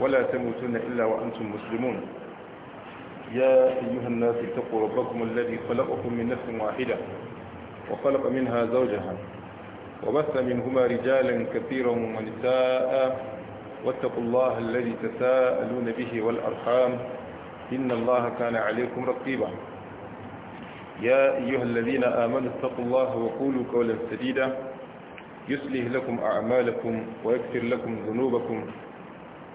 ولا تموتن إلا وأنتم مسلمون يا أيها الناس اتقوا ربكم الذي خلقكم من نفس واحدة وخلق منها زوجها وبث منهما رجالا كثيرا ونساء واتقوا الله الذي تساءلون به والأرحام إن الله كان عليكم رقيبا يا أيها الذين آمنوا اتقوا الله وقولوا قولا سديدا يسله لكم أعمالكم ويكفر لكم ذنوبكم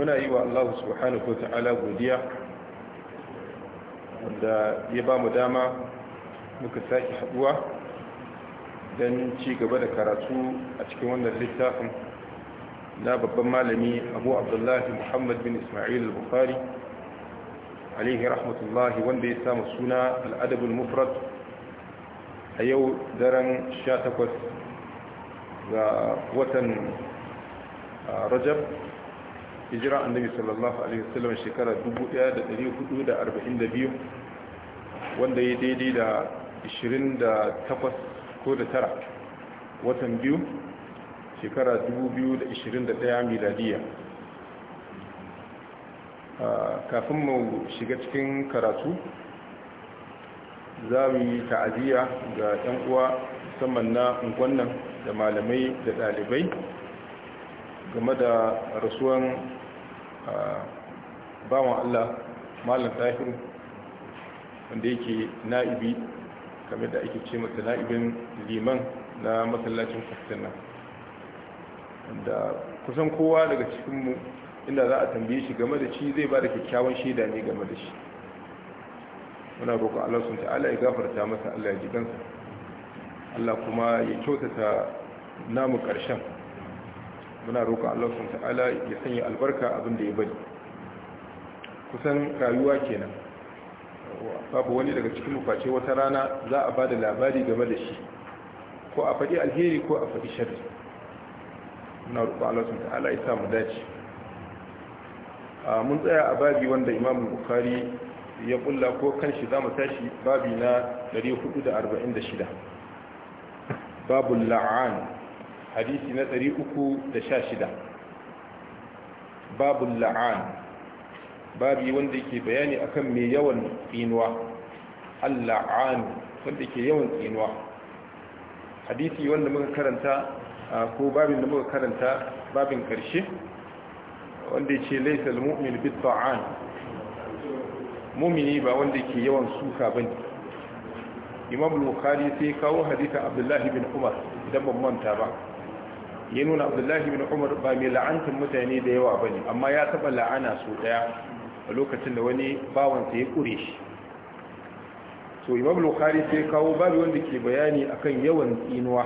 muna yi wa Allah subhanahu wa godiya wanda ya ba mu dama muka sake haɗuwa don ci gaba da karatu a cikin wannan littafin na babban malami abu abdullahi muhammad bin ismail al-bukhari alaihi rahmatullahi wanda ya samu suna al'adabul mufrad a yau daren 18 ga watan ah, rajab hijira annabi sallallahu alaihi wasallam shekara 1442 wanda ya daidai da 28 ko da tara watan biyu shekara 2021 miladiya kafin mu shiga cikin karatu za mu yi ta'aziyya ga 'yan uwa musamman na unguwannan da malamai da ɗalibai game da rasuwan bawan Allah malam Tahir wanda yake na'ibi kamar da ake ce masa na'ibin liman na masallacin kwastan Da kusan kowa daga cikinmu inda za a tambaye shi game da shi zai ba da kyakkyawan shaida ne game da shi muna roƙon Allah sun ta'ala ya gafarta masa Allah ya ji kansa. Allah kuma ya kyautata namu ƙarshen muna roƙo Allah subhanahu ta'ala ya sanya albarka abin da ya bari kusan rayuwa kenan babu wani daga cikin mu wata rana za a bada labari game da shi ko a faɗi alheri ko a faɗi shari. muna roƙo Allah subhanahu ta'ala ya sa mu dace mun tsaya a babi wanda Imam bukari ya bulla ko kan shi za mu tashi babi na 446 babul la'an hadisi na 316 babul la'an babi wanda ke bayani akan mai yawan tsinuwa al-la'an wanda ke yawan tsinuwa hadisi wanda muka karanta ko babin da muka karanta babin karshe wanda yake laysa al-mu'min bit-ta'an mu'mini ba wanda ke yawan suka bane imam al-bukhari sai kawo hadisi abdullahi bin umar idan ban manta ba ya nuna abdullahi bin umar ba mai la'antar mutane da yawa ba ne amma ya taɓa la'ana su ɗaya a lokacin da wani bawansa ya ƙure shi so imam bukhari sai kawo babu wanda ke bayani akan yawan tsinuwa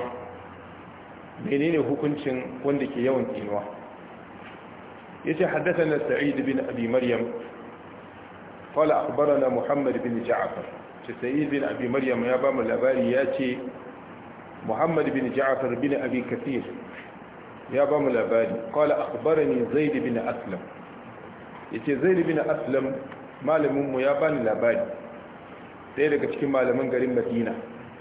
menene hukuncin wanda ke yawan tsinuwa yace haddathana sa'id bin abi maryam qala akhbarana muhammad bin ja'far ce sa'id bin abi maryam ya ba mu labari yace muhammad bin ja'far bin abi kathir ya ba mu labari ne zai zaid bin aslam Ya zai zaid bin aslam malaminmu ya ya bani labari ɗaya daga cikin malamin garin madina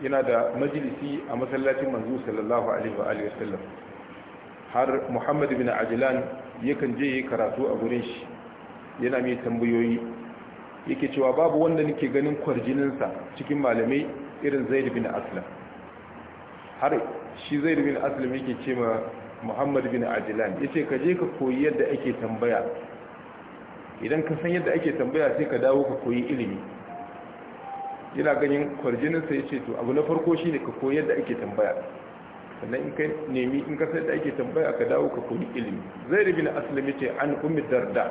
yana da majalisi a masallacin manzu sallallahu alaihi wa alihi wasallam har muhammad bin ajilan yakan je yi karatu a gurin shi yana mai tambayoyi yake cewa babu wanda nake ganin kwarjininsa cikin malamai irin zaid bin aslam har shi zaid bin aslam yake ce ma muhammad bin ajilan ya ce ka je ka koyi yadda ake tambaya idan ka san yadda ake tambaya sai ka dawo ka koyi ilimi yana ganin kwarjininsa ya ce to abu na farko shi ne ka koyi yadda ake tambaya sannan in ka nemi in ka san yadda ake tambaya ka dawo ka koyi ilimi zai bin na ya ce an umi darda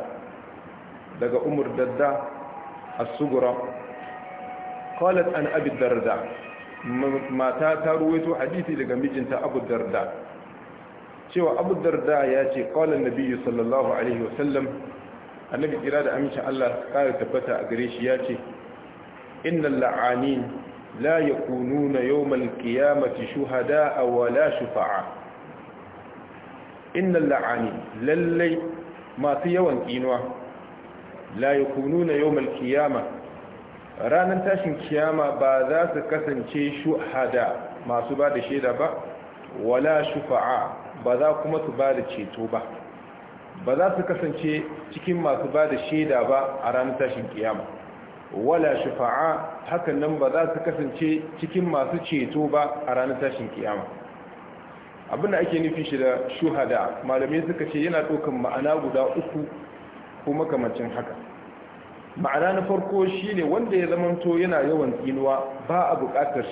daga umar darda a sugura qalat an abi darda mata ta ruwaito hadisi daga mijinta abu darda cewa abu darda ya ce kawalan nabi sallallahu alaihi wasallam annabi kira da amincin Allah kare tabbata a gare shi ya ce innal la'anin la yakununa yawmal qiyamati shuhada'a wa la shufa'a innal la'anin lallai masu yawan kinuwa la yakununa yawmal qiyama ranan tashin kiyama ba za su kasance shuhada masu ba da shaida ba wala shufa'a ba za kuma su ba da ceto ba ba za su kasance cikin masu ba da shaida ba a ranar tashin kiyama wala shafa'a hakan nan ba za su kasance cikin masu ceto ba a ranar tashin kiyama abinda ake nufin shi da shuhada malamai suka ce yana ɗaukan ma'ana guda uku ko makamancin haka ma'ana na farko shine wanda ya zamanto yana yawan tsinuwa ba a buƙatar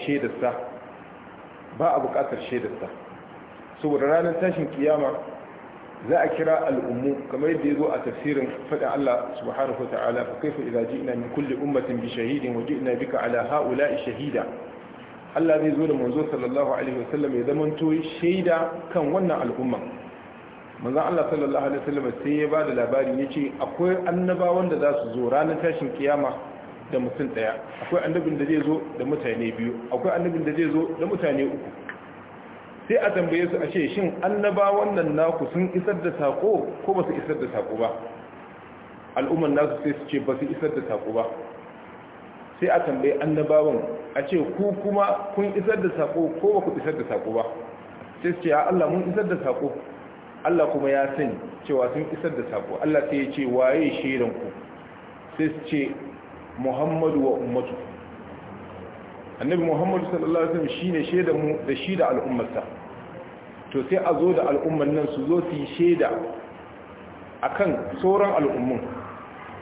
ba a buƙatar shaidarsa saboda ranar tashin kiyama za a kira al'ummu kamar yadda ya zo a tafsirin faɗin Allah subhanahu wa ta'ala fa kaifa idza ji'na min kulli ummatin bi shahidin wa ji'na bika ala ha'ula'i shahida Allah zai zo da manzo sallallahu alaihi wa sallam ya zamanto shaida kan wannan al'umma manzon Allah sallallahu alaihi wa sai ya bada labari yace akwai annabawan da za su zo ranar tashin kiyama da mutum daya akwai annabin da zai zo da mutane biyu akwai annabin da zai zo da mutane uku sai a tambaye su a ce shin annabawan nan naku sun isar da sako ko ba su isar da sako ba al'umman nasu sai su ce ba su isar da sako ba sai a tambaye annabawan a ce ku kuma kun isar da sako ko ba ku isar da sako ba sai su ce Allah mun isar da sako Allah kuma ya san cewa sun isar da sako Allah sai ya ce waye shirin ku sai su ce Muhammadu wa ummatu annabi Muhammadu sallallahu alaihi wasallam shine shaidan mu da shi da al'ummarsa to sai a zo da al'umman nan su zo su yi shaida akan sauran al'ummun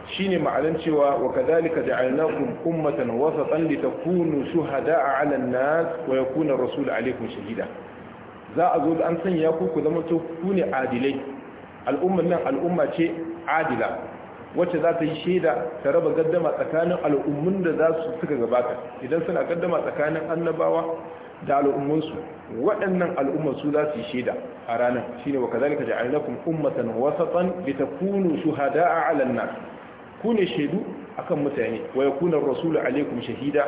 shine ma'anan cewa wa kadhalika ja'alnakum ummatan wasatan kunu shuhada'a 'ala an-nas wa yakuna ar-rasulu 'alaykum shahida za a zo da an sanya ku ku zama to ku ne adilai al'umman nan al'umma ce adila wacce za ta yi shaida ta raba gaddama tsakanin al'ummun da za su suka gabata idan suna gaddama tsakanin annabawa da al'ummansu waɗannan al'ummar su za su yi shaida a ranar shine wa kazalika ja'alnakum ummatan wasatan litakunu shuhada'a 'alan nas ku ne shaidu akan mutane wa yakuna ar-rasulu 'alaykum shahida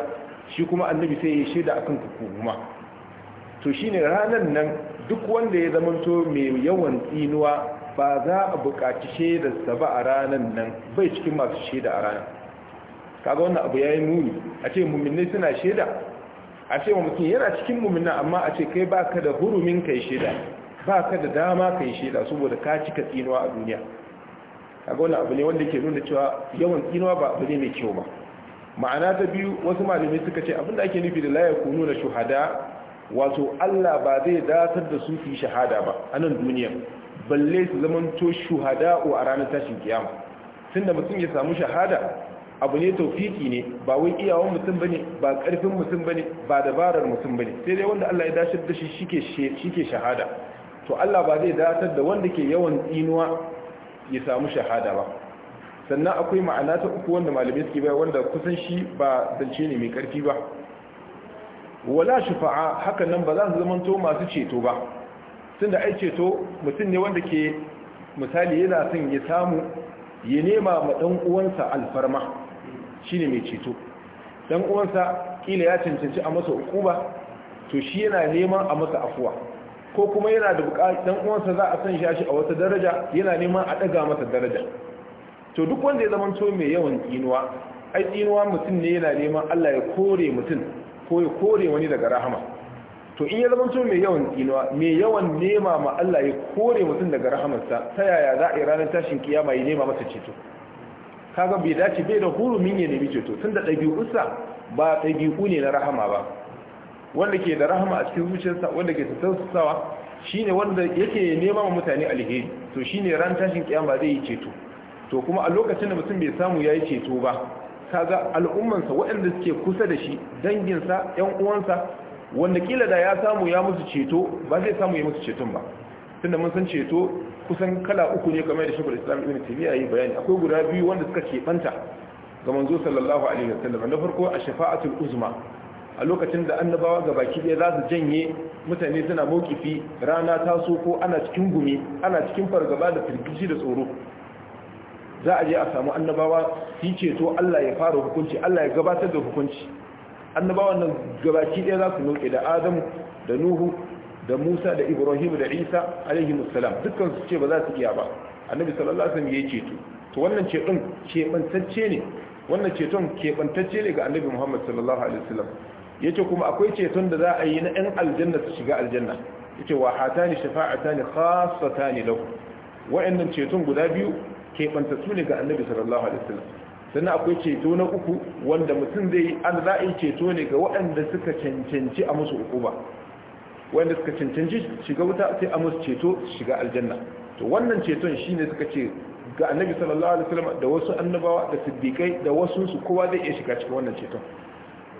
shi kuma annabi sai ya shaida akan ku kuma to shine ranar nan duk wanda ya zama to mai yawan tsinuwa ba za a buƙaci sa ba a ranar nan bai cikin masu shaida a ranar kaga wannan abu yayi muni a ce mu'minai suna shaida a ce wa mutum yana cikin mumina amma a ce kai baka da hurumin kai shida baka da dama kai shida saboda ka cika tsinuwa a duniya a wannan abu ne wanda ke nuna cewa yawan tsinuwa ba abu ne mai kyau ba ma'ana ta biyu wasu malamai suka ce abinda ake nufi da layaku nuna na wato Allah ba zai datar da su fi shahada ba a nan duniya balle su zamanto shuhada'u a ranar tashin kiyama tunda mutum ya samu shahada abu ne taufiki ne ba wai iyawan mutum bane ba karfin mutum bane ba dabarar mutum bane sai dai wanda Allah ya dashar da shi shike shike shahada to Allah ba zai datar da wanda ke yawan tsinuwa ya samu shahada ba sannan akwai ma'ana ta uku wanda malamai suke bai wanda kusan shi ba dalce ne mai karfi ba wala shufa'a hakan nan ba za su zamanto masu ceto ba tunda ai ceto mutum ne wanda ke misali yana son ya samu ya nema ma dan uwansa alfarma Shi ne mai ceto dan uwansa ƙila ya cancanci a masa ba, to shi yana neman a masa afuwa ko kuma yana da buƙatar ɗan uwansa za a san shi a wata daraja yana neman a ɗaga masa daraja to duk wanda ya zama to mai yawan tsinuwa ai tsinuwa mutum ne yana neman Allah ya kore mutum ko ya kore wani daga rahama to in ya zama to mai yawan tsinuwa mai yawan nema ma Allah ya kore mutum daga rahamarsa ta yaya za a yi ranar tashin kiyama ya nema masa ceto kaga bai dace bai da hurumin ya nemi ceto tun da ɗabi'unsa ba ɗabi'u ne na rahama ba wanda ke da rahama a cikin zuciyarsa wanda ke su shi ne wanda yake nema wa mutane alheri to shi ne ran tashin kiyama zai yi ceto to kuma a lokacin da mutum bai samu ya yi ceto ba kaga al'ummansa waɗanda suke kusa da shi danginsa 'yan uwansa wanda kila da ya samu ya musu ceto ba zai samu ya musu ceton ba tunda mun san ceto kusan kala uku ne kamar da shagul islam ibn taymiya yi bayani akwai guda biyu wanda suka banta ga manzo sallallahu alaihi wasallam na farko a shafa'atul uzma a lokacin da annabawa ga baki za su janye mutane suna mokifi, rana ta so ko ana cikin gumi ana cikin fargaba da firgici da tsoro za a je a samu annabawa su ce ceto Allah ya fara hukunci Allah ya gabatar da hukunci annabawan nan gabaki ɗaya za su noke da adamu da nuhu da Musa da Ibrahim da Isa alaihi musallam dukkan su ce ba za su iya ba annabi sallallahu alaihi wasallam ya ceto to wannan ceton bantacce ne wannan ceton bantacce ne ga annabi Muhammad sallallahu alaihi wasallam yace kuma akwai ceton da za a yi na ɗan aljanna su shiga aljanna yace wa hatani shafa'atani khassatani lahu wa'annan ceton guda biyu bantacce ne ga annabi sallallahu alaihi wasallam sannan akwai ceto na uku wanda mutum zai yi an za a yi ceto ne ga waɗanda suka cancanci a musu uku ba wanda suka cancanci shiga wuta sai a musu ceto shiga aljanna to wannan ceton shine suka ce ga annabi sallallahu alaihi wasallam da wasu annabawa da siddiqai da wasu su kowa zai iya shiga cikin wannan ceton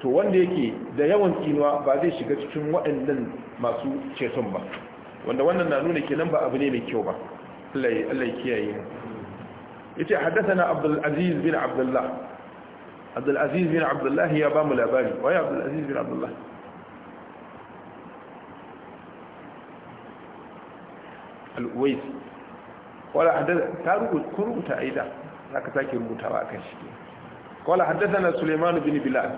to wanda yake da yawan tsinuwa ba zai shiga cikin waɗannan masu ceton ba wanda wannan na nuna kenan ba abu ne mai kyau ba Allah ya Allah ya kiyaye mu yace haddathana Abdul Aziz bin Abdullah Abdul Aziz bin Abdullah ya ba mu labari wai Abdul Aziz bin Abdullah al'uwais wala haddasa ta rubuta aida za ka sake rubutawa a kan shi wala haddasa na suleiman bin bilal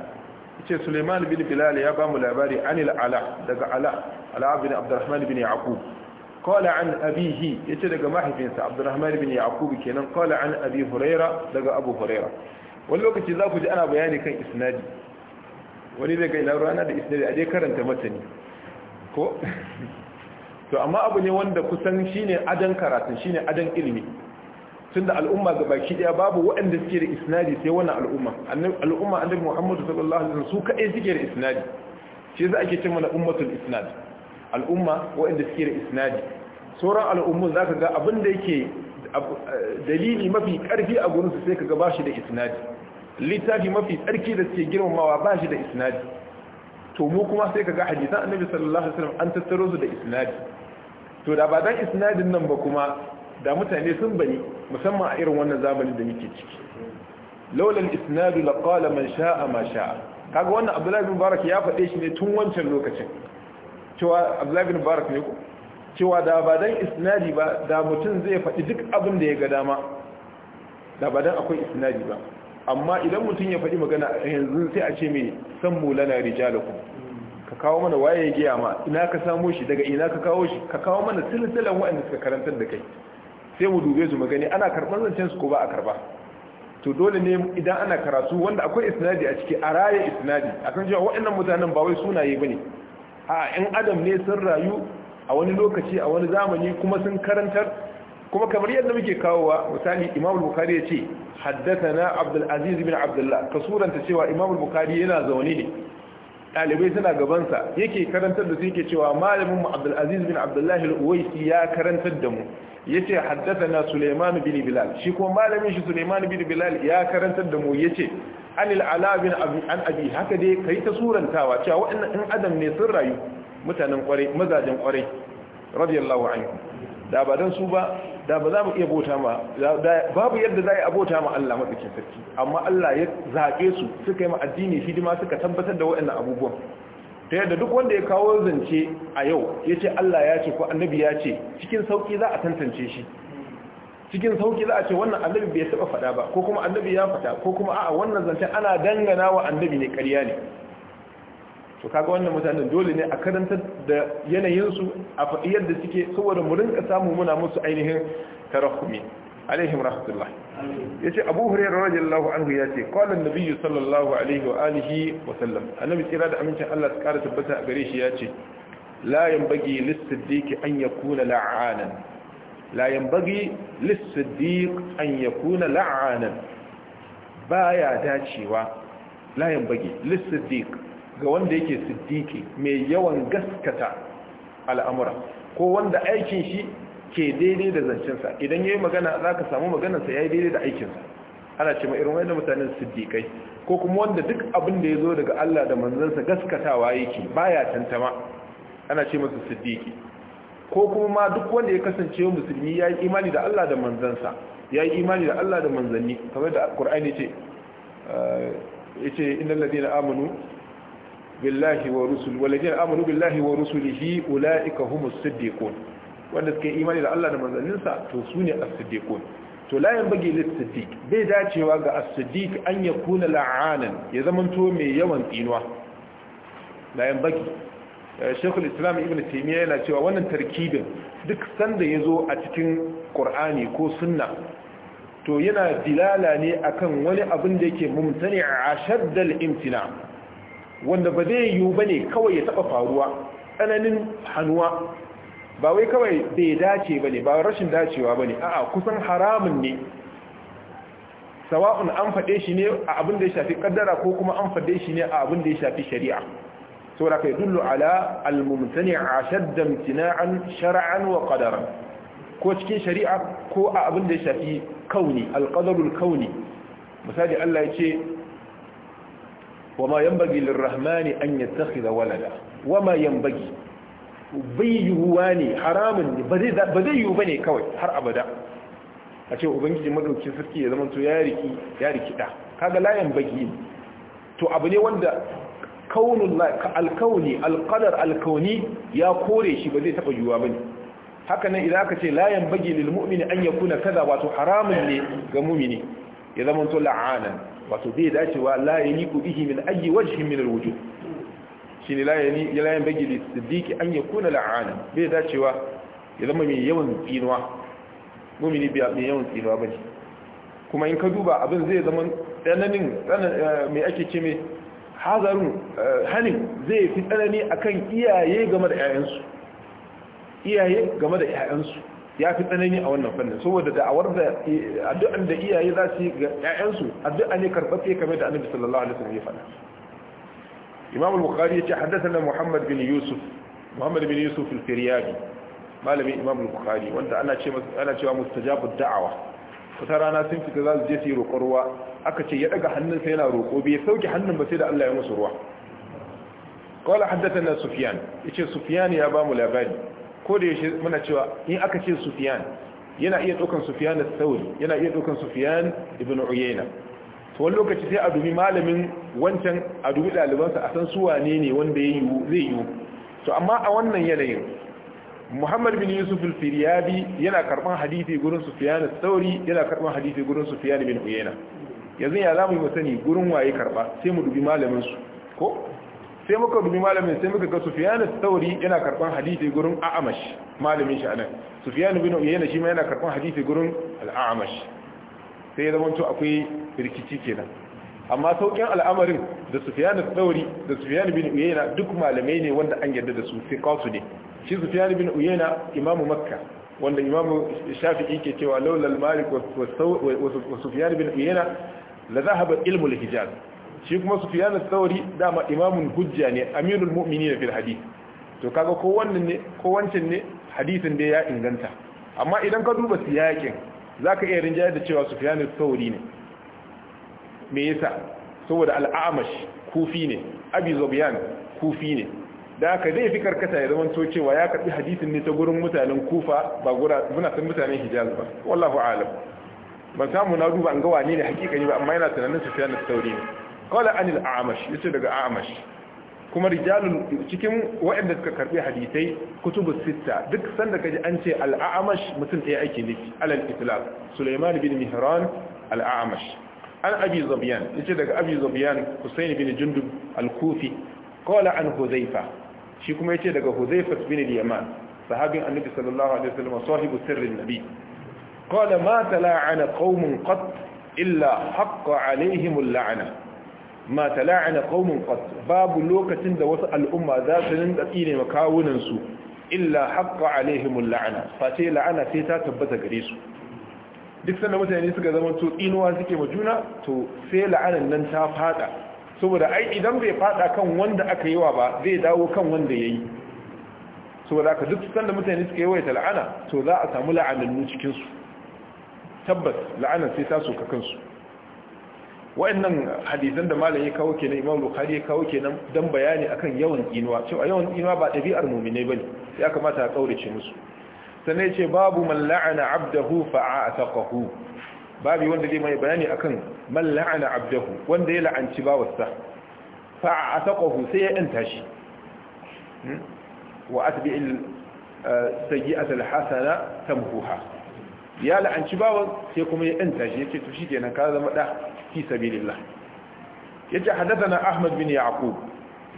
ce suleiman bin bilal ya ba mu labari anil ala daga ala ala bin abdurrahman bin yaqub qala an abihi yace daga mahaifinsa abdurrahman bin yaqub kenan qala an abi huraira daga abu huraira wani lokaci za ku ji ana bayani kan isnadi wani daga ina rana da isnadi a dai karanta matani ko to amma abu ne wanda kusan shine adan karatun shine adan ilimi tunda al'umma ga baki daya babu waɗanda suke da isnadi sai wannan al'umma al'umma annabi Muhammad sallallahu alaihi wasallam su kadai suke da isnadi shi yasa ake cewa ummatul isnad al'umma waɗanda suke da isnadi sauran al'ummu zaka ga abin da yake dalili mafi karfi a gurin su sai kaga bashi da isnadi littafi mafi tsarki da suke girmamawa bashi da isnadi to mu kuma sai kaga hadisan annabi sallallahu alaihi wasallam an tattaro su da isnadi to da ba dan isnadin nan ba kuma da mutane sun bani musamman a irin wannan zamanin da muke ciki laulal isnadu qala man sha'a ma sha'a kaga wannan Abdullahi bin Barak ya fade shi ne tun wancan lokacin cewa Abdullahi bin Barak ne ko cewa da ba dan isnadi ba da mutum zai faɗi duk abin da ya ga dama da ba dan akwai isnadi ba amma idan mutum ya faɗi magana yanzu sai a ce me san mulana rijalukum ka kawo mana waye ya giya ma ina ka samo shi daga ina ka kawo shi ka kawo mana silsilan waɗanda suka karantar da kai sai mu dube su gani ana karɓar zancen su ko ba a karba to dole ne idan ana karatu wanda akwai isnadi a ciki a raya isnadi akan cewa waɗannan mutanen ba wai sunaye bane a in adam ne sun rayu a wani lokaci a wani zamani kuma sun karantar kuma kamar yadda muke kawowa misali imam bukari ya ce haddathana na aziz bin abdullah ka suranta cewa imam bukhari yana zaune ne ɗalibai suna gabansa yake karantar da su yake cewa malamin mu abdulaziz bin abdullahi al-uwaisi ya karantar da mu yace haddathana sulaiman bin bilal shi kuma malamin shi sulaiman bin bilal ya karantar da mu yace anil ala bin an abi haka dai kai ta surantawa cewa waɗannan in adam ne sun rayu mutanen kwarai mazajen kwarai radiyallahu anhu da ba don su ba da ba za mu iya bota ma babu yadda za a bauta ma Allah matsakin sarki amma Allah ya zaƙe su suka yi ma addini hidima suka tabbatar da waɗannan abubuwan ta yadda duk wanda ya kawo zance a yau ya ce Allah ya ce ko annabi ya ce cikin sauƙi za a tantance shi cikin sauƙi za a ce wannan annabi bai taɓa faɗa ba ko kuma annabi ya faɗa ko kuma a'a wannan zancen ana dangana wa annabi ne ƙarya ne to kaga wannan mutanen dole ne a karanta da yanayinsu a faɗi da suke saboda mu rinka samu muna musu ainihin tarahumi alaihim rahmatullah yace abu hurairah radiyallahu anhu yace qala an-nabiy sallallahu alaihi wa alihi wa sallam annabi tsira da amincin Allah ta kara tabbata a gare shi yace la yanbaghi lis-siddiq an yakuna la'anan la yanbaghi lis-siddiq an yakuna la'anan baya dacewa la yanbaghi lis-siddiq ga wanda yake siddiki mai yawan gaskata al'amura ko wanda aikin shi ke daidai da zancensa idan ya yi magana za ka samu maganarsa ya yi daidai da aikinsa ana ce ma irin wani mutanen siddiƙai ko kuma wanda duk abin da ya zo daga Allah da manzansa gaskatawa yake baya tantama ana ce masu siddiƙi ko kuma ma duk wanda ya kasance musulmi ya yi imani da Allah da manzansa ya yi imani da Allah da manzanni kamar da Qur'ani ce eh, yace innal ladina amanu billahi wa rusul walladheena amanu wanda suka imani da Allah da manzanninsa to su ne as-siddiqun to la yanbaghi lis-siddiq bai dacewa ga as-siddiq an kuna la'anan ya zamanto mai yawan tsinuwa la yanbaghi eh, shekul islam ibn taimiyya yana cewa wannan tarkibin duk sanda ya zo a cikin ƙur'ani ko sunna to yana dilala ne akan wani abin da yake mumtani a shaddal imtina wanda ba zai yiwu ba ne kawai ya taɓa faruwa tsananin hannuwa ba wai kawai bai dace ba ne ba rashin dacewa ba ne a'a kusan haramun ne sawa'un an faɗe shi ne a abin da ya shafi ƙaddara, ko kuma an faɗe shi ne a abin da ya shafi shari'a Sau da kai dullu ala al-mumtani shaddam tina'an shara'an wa qadaran ko cikin shari'a ko a abin da ya shafi kauni alƙadarul kauni misali Allah ya ce وما ينبغي للرحمن أن يتخذ ولدا وما ينبغي بيواني حرام بذي بني كوي har abada. a ce ubangiji madauki sarki ya zama ya riki ya riki da kaga layan bagi to abu ne wanda kaunul alkauni alqadar alkauni ya kore shi ba zai taba yuwa bane haka nan idan aka ce layin bagi lil mu'mini an yakuna kaza wato haramun ne ga mu'mini ya zama la'ana. wato bai dacewa la yaliqu bihi min ayyi wajhin min alwujuh shine la yani la yan bagi li siddiqi an yakuna la'ana bai dacewa ya zama mai yawan tsinuwa mumini biya mai yawan tsinuwa bane kuma in ka duba abin zai zama tsananin eh, mai ake ce mai hazarun eh, Hanin zai fi tsanani akan iyaye game da 'ya'yansu iyaye game da 'ya'yansu ya fi tsanani a wannan fannin saboda da'awar da addu'an da iyaye za su ga ƴaƴansu addu'a ne karɓaɓɓe kamar da annabi sallallahu alaihi wasallam ya faɗa imam al-bukhari ya ce haddathana muhammad bin yusuf muhammad bin yusuf al-firyabi malamin imam al-bukhari wanda ana ce ana cewa mustajabu da'awa wata rana sun fita za su je su yi roƙon ruwa aka ce ya daga hannun sai yana roƙo bai sauke hannun ba sai da Allah ya musu ruwa qala haddathana sufyan yace sufyan ya ba mu labari ko da yaushe muna cewa in aka ce Sufyan yana iya daukan Sufyan al-Thawri yana iya daukan Sufyan ibn Uyayna to wani lokaci sai a dubi malamin wancan a dubi ɗalibansa a san su wane ne wanda yayi zai yi to amma a wannan yanayin Muhammad bin Yusuf al yana karban hadisi gurin Sufyan al-Thawri yana karban hadisi gurin Sufyan ibn Uyayna yanzu ya zamu mu sani gurin waye karba sai mu dubi malamin su ko sai muka dubi malamin sai muka ga Sufyan al-Thawri yana karban hadisi gurin A'mash malamin shi anan Sufyan ibn Uyayna shi ma yana karban hadisi gurin al-A'mash sai ya zamanto akwai rikici kenan amma saukin al'amarin da Sufyan al-Thawri da Sufyan ibn Uyayna duk malamai ne wanda an yarda da su sai kasu ne shi Sufyan ibn Uyayna imamu Makka wanda imamu Shafi'i ke cewa laulal Malik wa Sufyan ibn Uyayna la dhahaba ilmu al-Hijaz shi kuma sufyan al-thawri dama imamun hujja ne amirul mu'minin fil hadith to kaga ko wannan ne ko wancan ne hadisin da ya inganta amma idan ka duba siyakin zaka iya rinjaye da cewa sufyan al-thawri ne me yasa saboda al-amash kufi ne abi zubyan kufi ne da aka zai fi karkata ya zama to cewa ya kaɗi hadisin ne ta gurin mutanen kufa ba gura muna san mutanen hijaz ba wallahu alam ban samu na duba an gawa ne ne hakika ne ba amma yana tunanin sufyan al-thawri ne qala anil a'mash ya ce daga a'mash kuma rijalun cikin waɗanda suka karbi hadisai kutubu sita duk sanda kaji an ce al'amash amash mutum ɗaya ake nufi alal itlaq Sulaiman bin Mihran al'amash an abi zabiyan ce daga abi zabiyan husaini bin Jundub al-Kufi qala an Huzaifa shi kuma ya ce daga Huzaifa bin al-Yaman sahabin annabi sallallahu alaihi wasallam sahibu sirrin nabi qala ma tala'ana qaumun qat illa haqqa alaihim al-la'na ma tala'ana qaumun qat babu lokacin da wasu al'umma za su rinka tsine ma kawunan su illa haqqa alaihimul la'ana face la'ana sai ta tabbata gare su duk sanda mutane suka zama to tsinuwa suke ma juna to sai la'anan nan ta fada saboda ai idan bai fada kan wanda aka yi wa ba zai dawo kan wanda yayi saboda haka duk sanda mutane suka ta la'ana to za a samu la'anannu cikin su tabbas la'anan sai ta soka kansu wa'annan hadisan da malami ya kawo kenan imam bukhari ya kawo kenan dan bayani akan yawan inuwa cewa yawan inuwa ba ɗabi'ar mu'minai bane ya kamata a kaurace musu sannan ce babu man la'ana abdahu fa'ataqahu babu wanda zai mai bayani akan man la'ana abdahu wanda ya la'anci bawarsa fa'ataqahu sai ya yanta shi hmm? wa atbi'il eh, sayyi'atal hasana tamhuha ya la'anci bawan sai kuma ya yanta shi yace to shikenan ka zama da fi sabilillah yace hadathana ahmad bin yaqub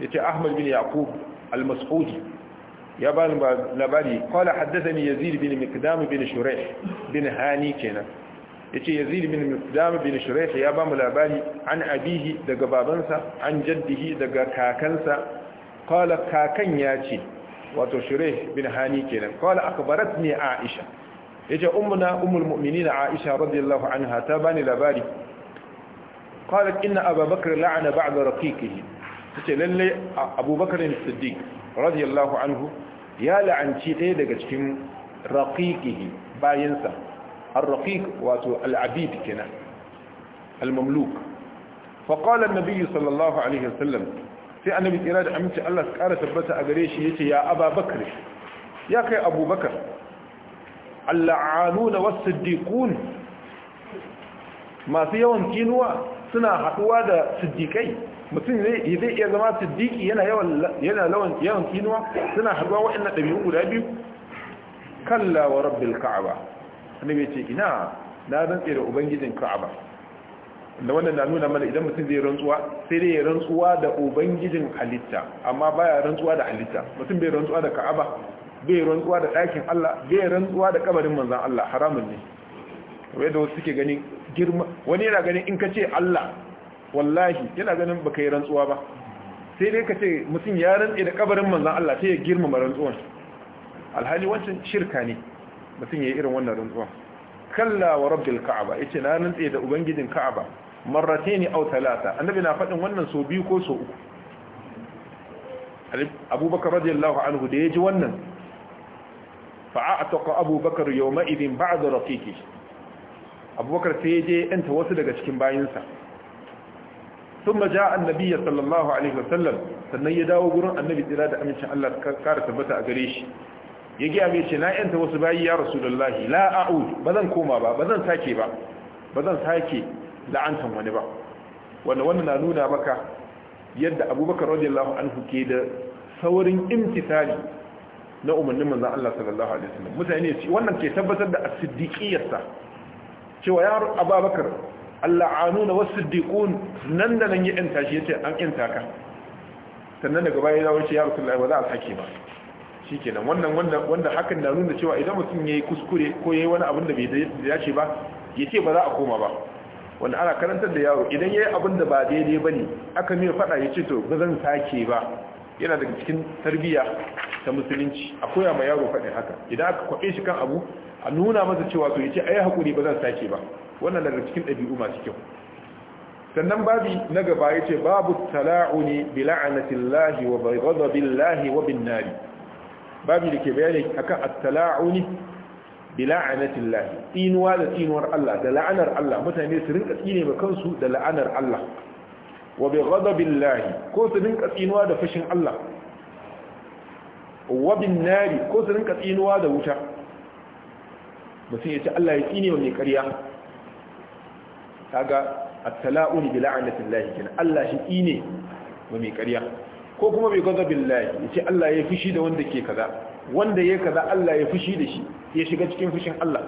yace ahmad bin yaqub al-mas'udi ya ba labari qala hadathani yazid bin miqdam bin shuraih bin hani kenan yace yazid bin miqdam bin shuraih ya ba mu labari an abihi daga babansa an jaddihi daga kakansa qala kakan ya ce wato shuraih bin hani kenan ne a aisha yace ummuna ummul mu'minina aisha radiyallahu anha ta bani labari qalat inna abubakar la'ana ba'd raqiqihi tace lalle abubakar as-siddiq radiyallahu anhu ya la'anci ɗaya daga cikin raqiqihi bayansa ar-raqiq wato al-abid kenan al-mamluk فقال النبي sallallahu الله wa sallam sai annabi tsira da aminci Allah su kara tabbata a gare shi yace ya aba bakar ya kai abubakar alla'anuna was-siddiqun masu yawan kinuwa suna haduwa da siddiqai mutum zai zai iya zama siddiqi yana yawan yana lawan kinuwa suna haduwa wa'annan dabi'u guda biyu kalla wa rabbil ka'aba annabi ce ina na rantse da ubangijin ka'aba da wannan na nuna mana idan mutum zai rantsuwa sai dai ya rantsuwa da ubangijin halitta amma baya rantsuwa da halitta mutum bai rantsuwa da ka'aba bai rantsuwa da ɗakin Allah bai rantsuwa da kabarin manzan Allah haramun ne wai da wasu suke ganin girma wani yana ganin in ka ce Allah wallahi yana ganin baka yi rantsuwa ba sai dai ka ce mutum ya rantsi da kabarin manzan Allah sai ya girmama rantsuwan alhali wancan shirka ne mutum ya yi irin wannan rantsuwa. kalla wa rabbil ka'aba yace na rantse da ubangijin ka'aba marrataini aw talata annabi na faɗin wannan so biyu ko so uku abubakar radiyallahu anhu da ya ji wannan fa'ataka abubakar yawma idin ba'da rafiqi abubakar sai je yanta wasu daga cikin bayansa. thumma ja'a annabi sallallahu alaihi wasallam sannan ya dawo gurin annabi tsira da amincin Allah kare tabbata a gare shi ya gaya mai ce na yanta wasu bayi ya rasulullahi la la'a'u ba zan koma ba ba zan sake ba ba zan sake la'antan wani ba wanda wannan na nuna maka yadda abubakar radiyallahu anhu ke da saurin imtisali na umarnin manzan Allah sallallahu alaihi wasallam mutane ce wannan ke tabbatar da as-siddiqiyyarsa cewa yaro Abubakar Allah anuna was-siddiqun nan da nan ya tashi ya yace an yanta taka. sannan daga baya ya wuce ya Allah ba za a sake ba shikenan wannan wanda wanda hakan na nuna cewa idan mutum yayi kuskure ko yayi wani abin da bai dace ba yace ba za a koma ba wanda ana karantar da yaro idan yayi abin da ba daidai bane aka mai fada yace to ba zan sake ba yana daga cikin tarbiyya ta musulunci a koya ma yaro faɗin haka idan aka kwaɓe shi kan abu a nuna masa cewa to yace ai hakuri ba zan sake ba wannan daga cikin ɗabi'u masu kyau sannan babi na gaba yace babu tala'uni bi la'anatillahi wa bi ghadabillahi wa bin nari babi dake bayani akan at-tala'uni bi la'anatillahi inuwa da tsinuwar Allah da la'anar Allah mutane su rinka tsine ba kansu da la'anar Allah wa bi Lahi ko su rinka tsinuwa da fushin Allah wa bin nari ko su rinka tsinuwa da wuta mutum ya ce Allah ya tsine wa mai ƙarya kaga at-tala'un bi la'natillahi kin Allah shi tsine wa mai karya. ko kuma bi Lahi ya ce Allah ya fushi da wanda ke kaza wanda ya kaza Allah ya fushi da shi ya shiga cikin fushin Allah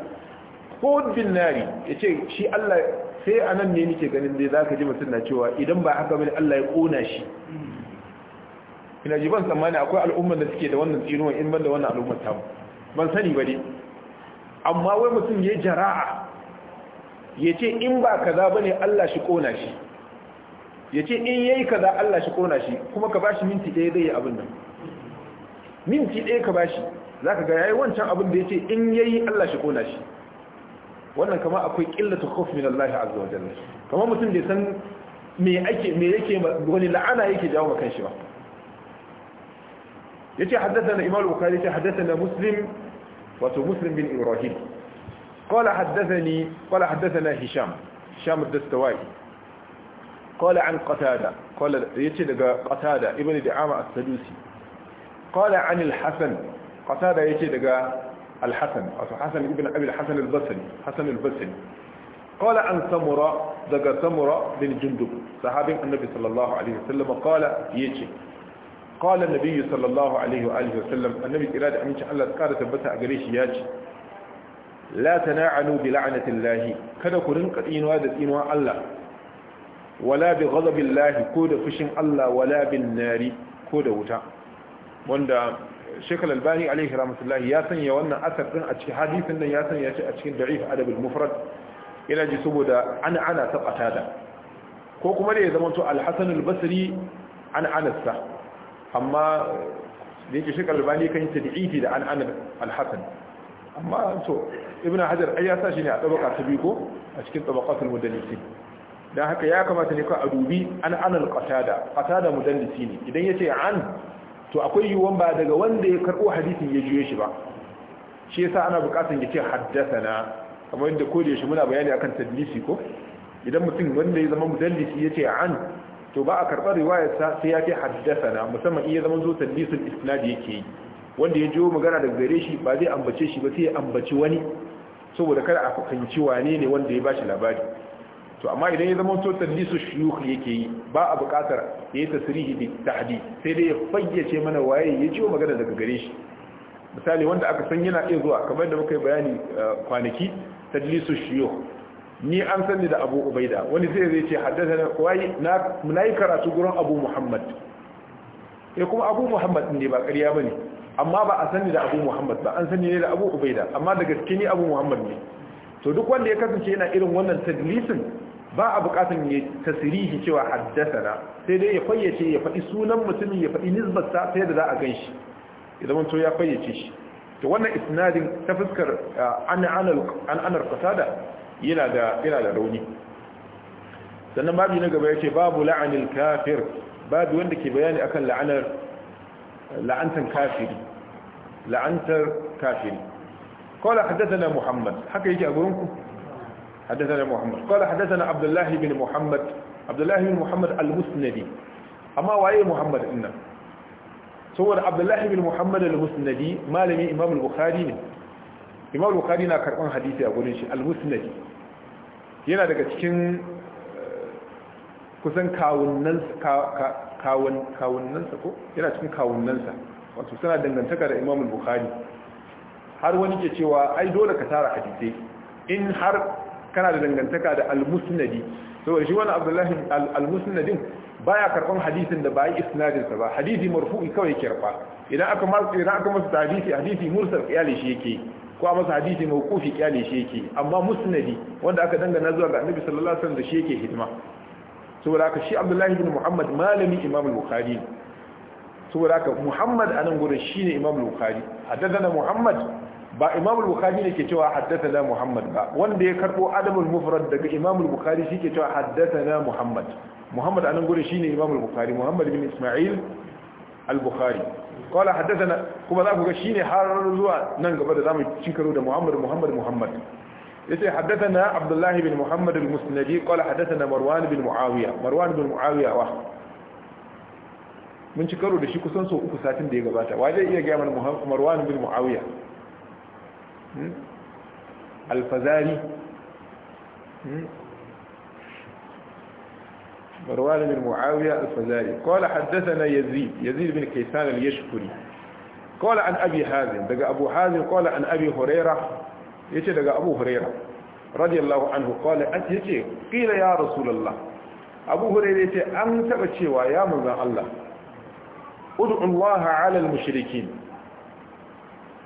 ko bin nari ya ce shi Allah sai a nan ne nike ganin dai za ka ji mutum na cewa idan ba haka bane Allah ya ƙona shi ina ji ban tsammani akwai al'ummar da suke da wannan tsinuwa in ban da wannan al'ummar tamu ban sani ba amma wai mutum ya jara'a ya ce in ba kaza bane Allah shi ƙona shi ya ce in yayi kaza Allah shi ƙona shi kuma ka bashi minti ɗaya zai yi abin nan minti ɗaya ka bashi za ka ga yayi wancan abin da ya ce in yayi Allah shi ƙona shi wannan kama akwai ƙillata kofi min Allah a wa jalla kama mutum da san me yake me yake wani la'ana yake jawo makan shi ba yace haddathana imam al-bukhari yace haddathana muslim wa to muslim bin ibrahim qala haddathani qala haddathana hisham hisham ad-dastawai kola an qatada qala yace daga qatada ibn di'ama as-sadusi qala an al-hasan qatada yace daga الحسن أو حسن ابن أبي الحسن البصري حسن البصري قال عن سمرة دقى سمرة بن جندب صحابي النبي صلى الله عليه وسلم قال يجي قال النبي صلى الله عليه وآله وسلم النبي إرادة أمين شاء الله تقال تبتها أقريش ياجي لا تناعنوا بلعنة الله كذا كرنك إنوا دس إنوا الله ولا بغضب الله كود فشن الله ولا بالنار كود وتا وندا shekul albani alaihi rahmatullah ya sanya wannan asar din a cikin hadisin nan ya sanya shi a cikin da'if adabul mufrad yana ji saboda an ana ta qatada ko kuma da ya zama to al-hasan an anasta amma da yake shekul albani kan tad'ifi da an anas al amma to ibnu hajar ai ya sa shi ne a tabaka ta biyu ko a cikin tabaqatul mudallisi dan haka ya kamata ne ka a dubi an anal qatada qatada mudallisi ne idan yace an to akwai yiwuwan ba daga wanda ya karɓo hadisin ya juye shi ba shi yasa ana buƙatar ya ce na. kamar yadda ko da yaushe muna bayani akan tadlisi ko idan mutum wanda ya zama mudallisi ya ce an to ba a karɓar riwayar sa sai ya ce na, musamman iya zama zo tadlisin isnad yake yi wanda ya jiwo magana daga gare shi ba zai ambace shi ba sai ya ambaci wani saboda kada a fahimci wane ne wanda ya ba shi labari to amma idan ya zama to tadlisu shuyukh yake yi ba a buƙatar ya yi tasrihi bi tahdid sai dai ya fayyace mana waye ya ji magana daga gare shi misali wanda aka san yana iya zuwa kamar da muka yi bayani eh, kwanaki tadlisu shuyukh ni an san da Abu Ubaida wani sai zai ce haddathana waye na munayi karatu gurin Abu Muhammad eh kuma Abu Muhammad ne ba ƙarya bane amma ba a sani da Abu Muhammad ba an sani ne da Abu Ubaida amma da gaske ni Abu Muhammad ne to duk wanda ya kasance yana irin wannan tadlisin ba a bukatan ya tasirihi cewa haddasa sai dai ya fayyace ya faɗi sunan mutumin ya faɗi nisbarsa sai da za a gan shi idan to ya fayyace shi to wannan isnadin ta fuskar ah, an anar fasada yana da da rauni sannan babu na gaba yace babu la'anil kafir babu wanda ke bayani akan la'anar la'antan kafiri la'antar kafiri qala muhammad haka yake a ku حدثنا محمد قال حدثنا عبد الله بن محمد عبد الله بن محمد المسندي أما وعي محمد إنا سوى عبد الله بن محمد المسندي ما لم إمام البخاري إمام البخاري نا كربان حديثي أقول إنشي المسندي yana daga cikin kusan kawunnansa ko yana cikin kawunnansa wato suna dangantaka da imam bukhari har wani ke cewa ai dole ka tara hadisi in har kana da dangantaka da al-musnadi to shi wannan abdullahi al musnadi baya karban hadisin da bai isnadin sa ba hadisi marfu'i kawai kirfa idan aka masa idan aka masa hadisi hadisi mursal kiyali shi yake ko a masa hadisi mawqufi kiyali shi yake amma musnadi wanda aka dangana zuwa ga annabi sallallahu alaihi wasallam da shi yake hidima saboda haka shi abdullahi ibn muhammad malami imam al-bukhari saboda haka muhammad anan gurin shine imam al-bukhari haddathana muhammad ba imam al-bukhari ne ke cewa haddathana muhammad ba wanda ya karbo adamul mufrad daga imam al-bukhari shi ke cewa haddathana muhammad muhammad anan gure shine imam al-bukhari muhammad bin isma'il al-bukhari qala haddathana kuma za ku ga shine har zuwa nan gaba da zamu karo da muhammad muhammad muhammad yace haddathana abdullah bin muhammad al-musnadi qala haddathana marwan bin muawiya marwan bin muawiya wa mun ci karo da shi kusan so uku satin da ya gabata wa zai iya gaya mana marwan bin muawiya alfazari مروان بن معاوية الفزاري قال حدثنا يزيد يزيد بن كيسان اليشكري قال عن أبي حازم دقى أبو حازم قال عن أبي هريرة يتي دقى أبو هريرة رضي الله عنه قال يتي قيل يا رسول الله أبو هريرة يتي أنت بتشيوى يا مزا الله ادعو الله على المشركين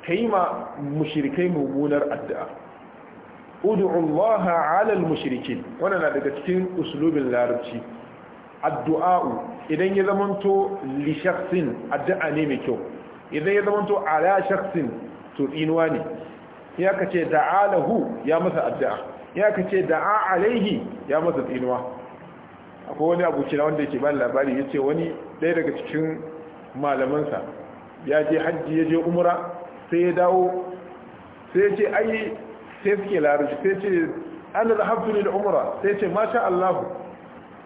ka yi ma mushirikai mummunar addu'a udu'ullaha alal mushirikin wannan na daga cikin uslubin larabci addu'a'u idan ya zamanto li shaksin addu'a ne mai kyau idan ya zamanto ala shaksin to tsinuwa ne ya kace da'alahu ya masa addu'a ya kace da'a alaihi ya masa tsinuwa akwai wani abuci na wanda yake bani labari ce wani Daya daga cikin malamansa ya je hajji ya je umra sai ya dawo sai ce ai sai suke larabci sai ce ana da haftu da umra sai ce masha allahu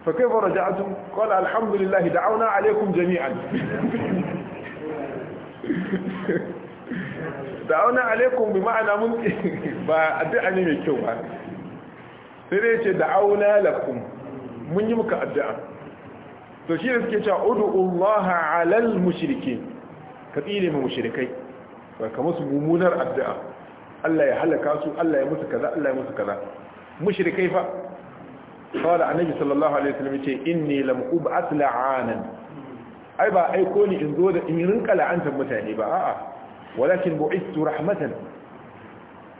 fa kai fa raja'atum qala alhamdulillah da'awna alaikum jami'an da'awna alaikum bi ma'ana mun ba addu'a ne mai kyau ba sai dai ce da'awna lakum mun yi muka addu'a to shi da suke cewa ud'u Allah 'alal mushrikeen ka tsire mu mushrikai ba ka musu mummunar addu'a Allah ya halaka su Allah ya musu kaza Allah ya musu kaza mushrikai fa kawai annabi sallallahu alaihi wasallam ce inni lam ub'at la'anan ai ba aiko ni in zo da in rinka la'antar mutane ba a'a walakin bu'istu rahmatan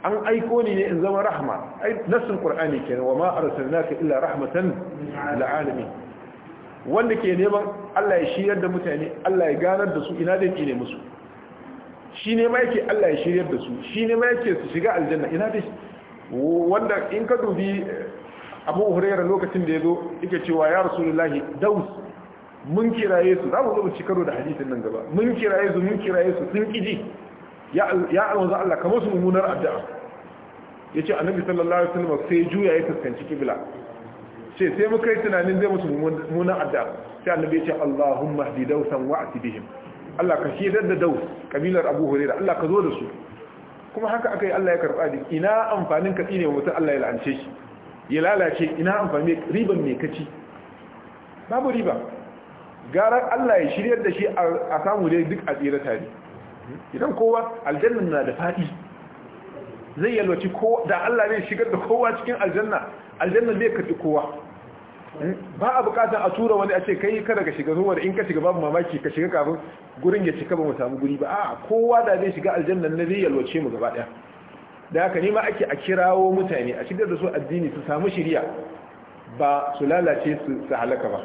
an aiko ni ne in zama rahma ai nasin qur'ani kenan wa ma arsalnaka illa rahmatan lil wanda ke neman Allah ya shiyar da mutane Allah ya ganar da su ina dai ne musu shi ne ma yake Allah ya shiryar da su shi ne ma yake su shiga aljanna ina dai wanda in ka dubi eh, abu hurairar lokacin da ya zo yake cewa ya rasulullahi daus mun kiraye su za mu zo mu ci karo da hadisin nan gaba mun kiraye su mun kiraye su sun kiji ya alwanzu Allah kamar su mummunar addu'a yace annabi sallallahu alaihi wasallam sai juya ya fuskanci kibla ce sai muka yi tunanin zai musu mummunar addu'a sai annabi ya ce Allahumma hdi dausan wa'ti bihim Allah ka shedar da dau kabilar Abu Hurairah Allah ka zo da su kuma haka akai Allah ya karba din ina amfanin ka tsine mutum Allah ya la'ance shi ya lalace ina amfani riban me kaci babu riba Gara Allah ya shiryar da shi a samu dai duk a tsira tare idan kowa aljanna na da fadi zai yalwaci kowa da Allah zai shigar da kowa cikin aljanna aljanna zai kaci kowa ba a bukatar a tura wani a ce kai kada ka shiga ruwan in ka shiga babu mamaki ka shiga kafin gurin ya cika ba mu samu guri ba a kowa da zai shiga aljannan na zai yalwace mu gaba daya da haka nima ake a kirawo mutane a shigar da su addini su samu shiriya ba su lalace su su halaka ba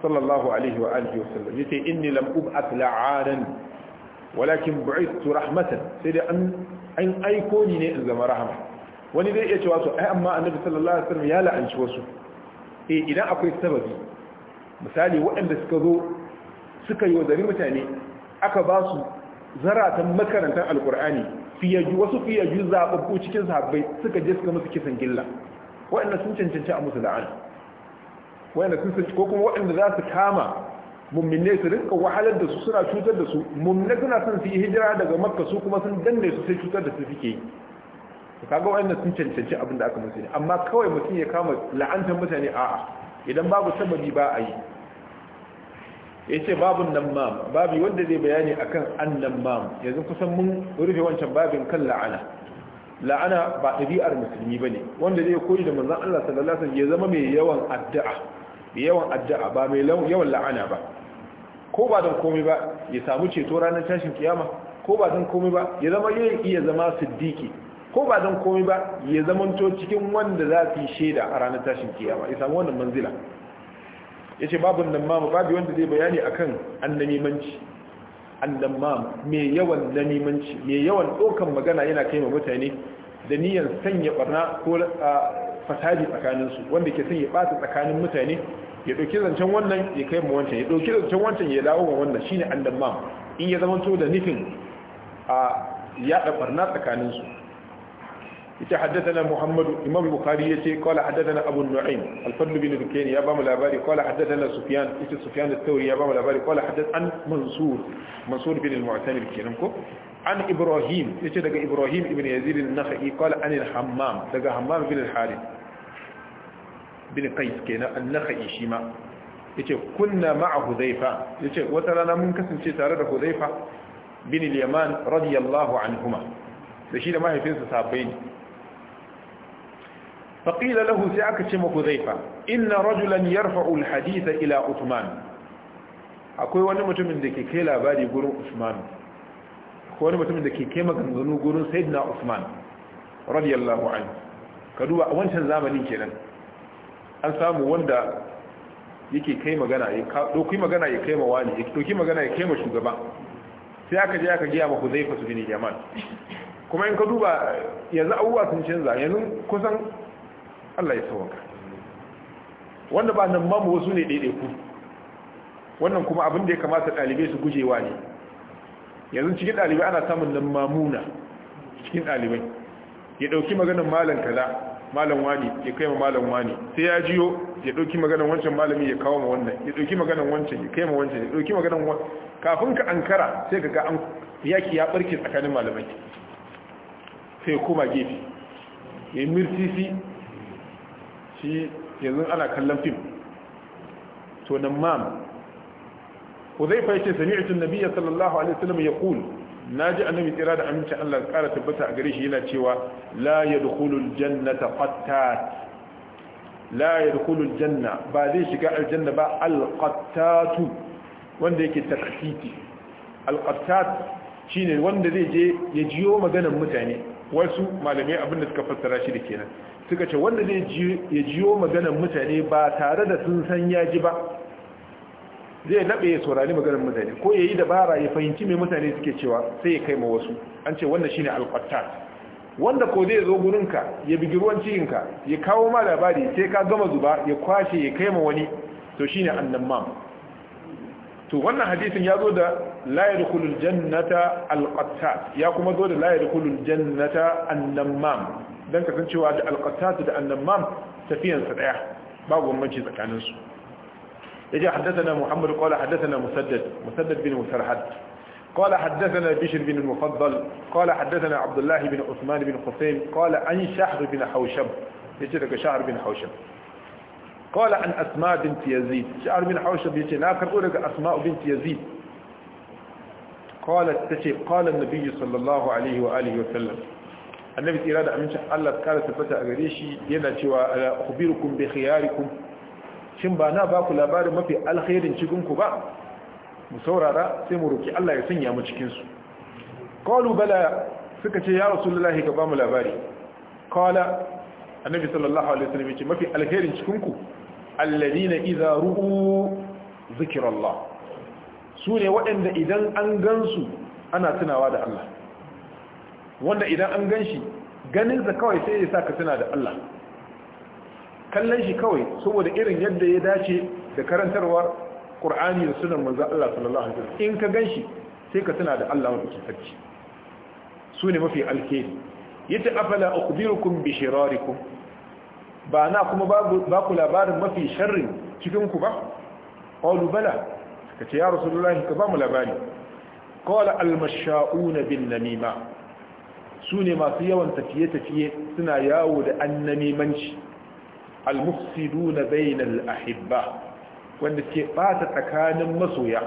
sallallahu alaihi wa alihi wa sallam yace inni lam ub'ath la'anan walakin bu'ithtu rahmatan sai dai an an aiko ni ne in zama rahama wani zai iya cewa to ai amma annabi sallallahu alaihi wa sallam ya la'anci wasu eh idan akwai sababi misali waɗanda suka zo suka yi wazari mutane aka ba su zaratan makarantar alkur'ani fiyaju wasu fiyaju zaɓaɓɓu cikin sahabbai suka je suka musu kisan gilla waɗanda sun cancanci a musu da'ani. waɗanda sun sanci ko kuma waɗanda za su kama mummine su rinka wahalar da su suna cutar da su mummine suna son su yi hijira daga makka su kuma sun danne su sai cutar da su suke yi ka kaga wayannan sun cancanci abin da aka musu ne amma kawai mutum ya kama la'antar mutane a idan babu sababi ba a yi ya ce babun nan mam babi wanda zai bayani akan annan mam yanzu kusan mun rufe wancan babin kan la'ana la'ana ba ɗabi'ar musulmi ba ne wanda zai koyi da manzan Allah sallallahu alaihi ya zama mai yawan addu'a yawan addu'a ba mai yawan la'ana ba ko ba don komai ba ya samu ceto ranar tashin kiyama ko ba don komai ba ya zama yin iya zama siddiqi ko ba don komai ba ya zamanto cikin wanda za su yi shaida a ranar tashin kiyama ya samu wannan manzila ya ce babu nan mamu babu wanda zai bayani akan annamimanci annan mai yawan namimanci mai yawan ɗaukan magana yana kai ma mutane da niyan sanya barna ko fasadi tsakaninsu wanda ke son ya ɓata tsakanin mutane ya ɗauki zancen wannan ya kai ma wancan ya ɗauki zancen wancan ya dawo ma wannan shine annan mamu in ya zamanto da nufin a yaɗa ɓarna tsakaninsu حدثنا محمد امام البخاري قال حدثنا ابو النعيم الفضل بن ذكين يا بام الاباري قال حدثنا سفيان ايت سفيان الثوري يا بام الاباري قال حدث عن منصور منصور بن المعتمر الكلامكم عن ابراهيم ايت دغ ابراهيم ابن يزيد النخعي قال عن الحمام دغ حمام بن الحارث بن قيس كان النخعي شيما ايت كنا مع هذيفا ايت وترانا من كسنتي تاره حذيفه بن اليمان رضي الله عنهما da ما da mahaifinsa فقيل له سأك شم حذيفة إن رجلا يرفع الحديث إلى عثمان أكوي وانا متمن دكي كيلا باري قرن عثمان أكوي وانا متمن دكي كيما كنغنو قرن سيدنا عثمان رضي الله عنه a wancan زامنين kenan. an samu wanda yake kai magana ya doki magana ya kai ma wani ya magana ya kai ma sai aka je aka giya ma su bin jaman. kuma in ka duba yanzu abubuwa sun canza yanzu kusan Allah ya sauka wanda ba nan mamu wasu ne ɗaiɗaiku wannan kuma abin da ya kamata ɗalibai su gujewa ne yanzu cikin ɗalibai ana samun nan mamuna cikin ɗalibai ya ɗauki maganin malam kaza malam wani ya kai ma malam wani sai ya jiyo ya ɗauki maganin wancan malami ya kawo ma wannan ya ɗauki maganin wancan ya kai ma wancan ya ɗauki maganin wancan kafin ka ankara sai ka ga an yaki ya barke tsakanin malamai sai ya koma gefe ya yi mirtisi shi yanzu ana kallon fim to nan mam huzaifa yace sami'tu an sallallahu alaihi wasallam yaqul naji annabi tsira da aminci Allah ya kara tabbata a gare shi yana cewa la yadkhulu jannata qattat la yadkhulu janna ba zai shiga aljanna ba al-qattatu wanda yake taqsiti al shine wanda zai je ya jiyo maganar mutane wasu malamai abin da suka fassara shi da kenan suka ce wanda zai ji ya jiyo maganar mutane ba tare da sun san ya ji ba zai nabe ya saurari maganar mutane ko ya yi dabara ya fahimci mai mutane suke cewa sai ya kai ma wasu an ce wannan shine alqattat wanda ko zai zo gurinka ya bigi ruwan cikinka ya kawo ma labari sai ka gama zuba ya kwashe ya kai ma wani to shine annamam to wannan hadisin ya zo da la yadkhulul jannata alqattat ya kuma zo da la yadkhulul jannata annamam dan kasancewa da alqattat da annamam tafiyan sa daya babu bambanci tsakanin su yaje haddathana muhammad qala haddathana musaddad musaddad bin musarhad qala haddathana bishr bin al-mufaddal qala haddathana abdullah bin usman bin حسين qala an shahr bin حوشب يجي daga shahr bin حوشب Kola an asma bint yazid sha'ar bin haushab yace na karbo daga asma bint yazid qalat tace qala an-nabi sallallahu alaihi wa alihi wa sallam annabi tsira da amincin Allah kare tabbata a gare shi yana cewa ala ukhbirukum bi khiyarikum shin ba na ba ku labarin mafi alkhairin cikin ku ba mu saurara sai mu roki Allah ya sanya mu cikin su qalu bala suka ce ya rasulullahi ka ba mu labari qala annabi sallallahu alaihi wasallam ya ce mafi alkhairin cikin ku alladina iza ru'u zikrallah su ne waɗanda idan an gansu ana tunawa da Allah wanda idan an ganshi ganin sa kawai sai ya saka tuna da Allah kallon shi kawai saboda irin yadda ya dace da karantarwar Qur'ani da sunan manzon Allah sallallahu alaihi wasallam in ka ganshi sai ka tuna da Allah wanda ke su ne mafi alkhairi yace afala ukhbirukum bi shirarikum ba na kuma ba ku labarin mafi sharrin cikinku ba ƙwalu bala ka ce ya rasulullahi ka ba mu labari ƙwala almasha'una bin namima su ne masu yawan tafiye-tafiye suna yawo da annamimanci almufsiduna bainal ahibba wanda ke bata tsakanin masoya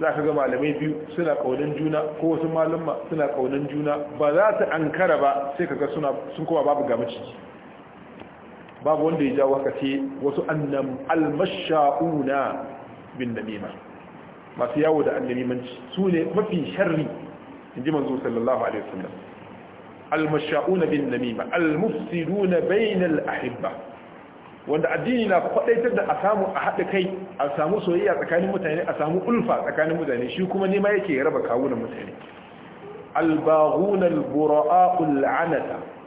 za ka ga malamai biyu suna kaunan juna ko wasu malama suna kaunan juna ba za ta ankara ba sai ka ga sun kuma babu ga maciji babu wanda ya jawo haka ce wasu annam almasha'una bin namima masu yawo da annamimanci su ne mafi sharri in ji manzo sallallahu alaihi wasallam almasha'una bin namima almufsiduna bainal ahibba wanda addini na kwadaitar da a samu a haɗa kai a samu soyayya tsakanin mutane a samu ulfa tsakanin mutane shi kuma nema yake raba kawunan mutane albaghuna albura'a'ul la'anata.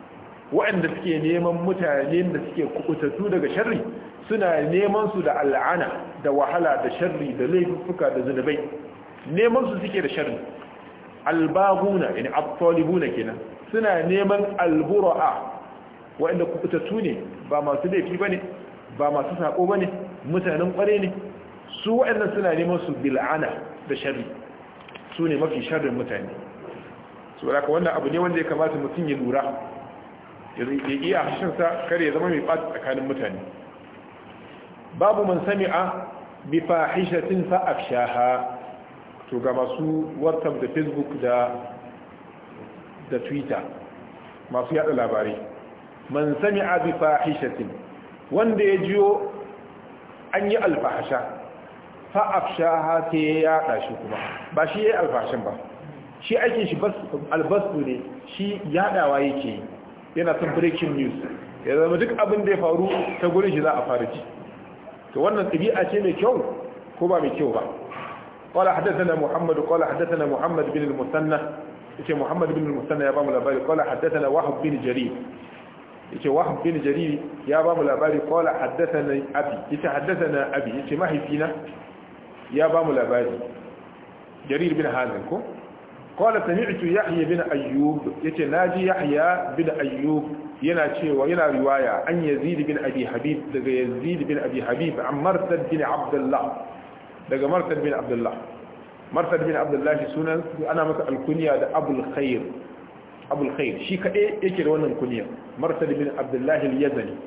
waɗanda suke neman mutane da suke kubutattu daga sharri suna neman su da al'ana da wahala da sharri da laifuka da zunubai neman su suke da sharri albaguna yana at kenan suna neman alburaa waɗanda kubutattu ne ba masu laifi ba ne, ba masu sako ne, mutanen ƙware ne su waɗanda suna neman su bil'ana da sharri su ne mafi sharrin mutane Su ka wannan abu ne wanda ya kamata mutum ya lura ya iya harshensa kar ya zama mai ɓata tsakanin mutane babu man sami'a bi fahishatin fa afshaha to ga masu whatsapp da facebook da da twitter masu yada labarai man sami'a bi fahishatin wanda ya jiyo an yi alfahasha fa afshaha sai ya yada shi kuma ba shi yi alfahashin ba shi aikin shi bas albasu ne shi yadawa yake yi yana son breaking news ya zama duk abin da ya faru ta gurin shi za a fara ci to wannan ɗabi'a ce mai kyau ko ba mai kyau ba قال حدثنا محمد قال حدثنا محمد بن المثنى yace Muhammad bin Musanna ya bamu labari qala haddathana Wahb bin Jarir yace Wahb bin Jarir ya bamu labari qala haddathana Abi yace haddathana Abi yace mahaifina ya bamu labari Jarir bin Hazim ko qala sami'tu yahya bin ayyub yace naji yahya bin ayyub yana cewa yana riwaya an yazid bin abi habib daga yazid bin abi habib an marsad bin abdullah daga bin abdullah marsad ana masa alkunya da abul khair abul khair shi kadai yake da wannan kunya marsad bin abdullah al-yazani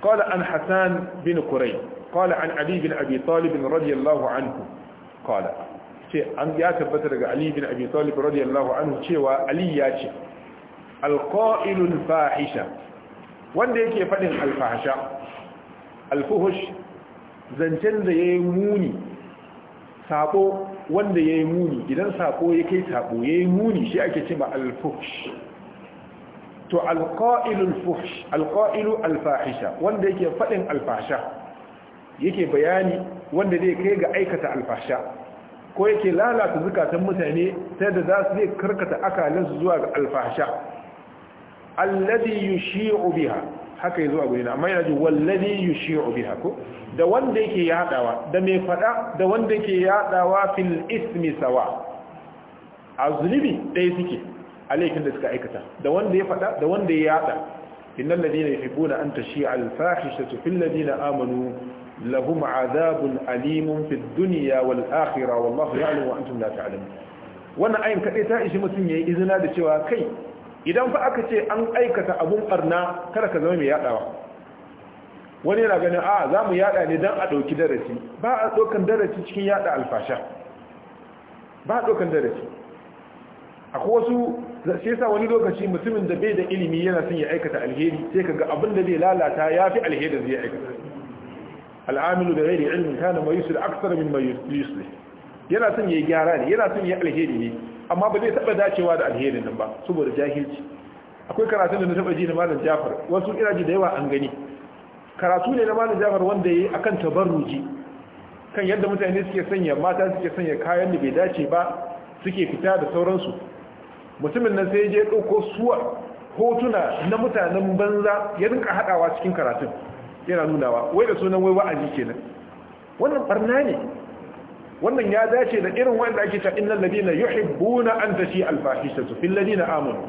قال عن حسان بن قري قال عن علي بن أبي طالب رضي الله عنه قال ce an ya tabbata daga Ali bin Abi Talib radiyallahu anhu cewa Ali ya ce alqa'ilul fahisha wanda yake fadin alfahisha alfuhush zancen da yayi muni sabo wanda yayi muni idan sabo kai sabo yayi muni shi ake cewa alfuhush to alqa'ilul fuhsh alqa'ilu alfahisha wanda yake fadin alfahisha yake bayani wanda zai kai ga aikata alfahisha ko yake lalata zukatan mutane sai da za su zai karkata akalinsu zuwa ga alfahasha alladhi yushi'u biha haka yazo gure na amma yana ji walladhi yushi'u biha ko da wanda yake yadawa da mai fada da wanda yake yadawa fil ismi sawa azlibi dai suke alaikin da suka aikata da wanda ya fada da wanda ya yada innal ladina yuhibbuna an tashi'a al fahishatu fil ladina amanu lahum azabun alimun fi duniya wal akhirah wallahu ya'lamu wa antum la ta'lamun wannan ayin kaɗai ta ishi mutum ya yi izina da cewa kai idan fa aka ce an aikata abun barna kada ka zama mai yaɗawa, wani yana ganin a za mu yaɗa ne don a ɗauki darasi ba a ɗaukan darasi cikin yaɗa alfasha ba a ɗaukan darasi akwai wasu sai sa wani lokaci mutumin da bai da ilimi yana son ya aikata alheri sai ka ga abin da zai lalata ya fi alheri zai aikata al'amilu da rairi ilmin kana mai da aksar min mai Yusuf yana son yi gyara ne yana son yayi alheri ne amma ba zai taba dacewa da alherin nan ba saboda jahilci akwai karatun da na taba ji na malam Jafar wasu ina ji da yawa an gani karatu ne na malam Jafar wanda yayi akan tabarruji kan yadda mutane suke sanya mata suke sanya kayan da bai dace ba suke fita da sauransu mutumin nan sai je ɗauko suwa hotuna na mutanen banza ya rinka haɗawa cikin karatun yana nunawa wai da sunan wai wa'azi kenan wannan barna ne wannan ya dace da irin wanda ake ta innal ladina yuhibbuna an tashi alfahishatu fil ladina amanu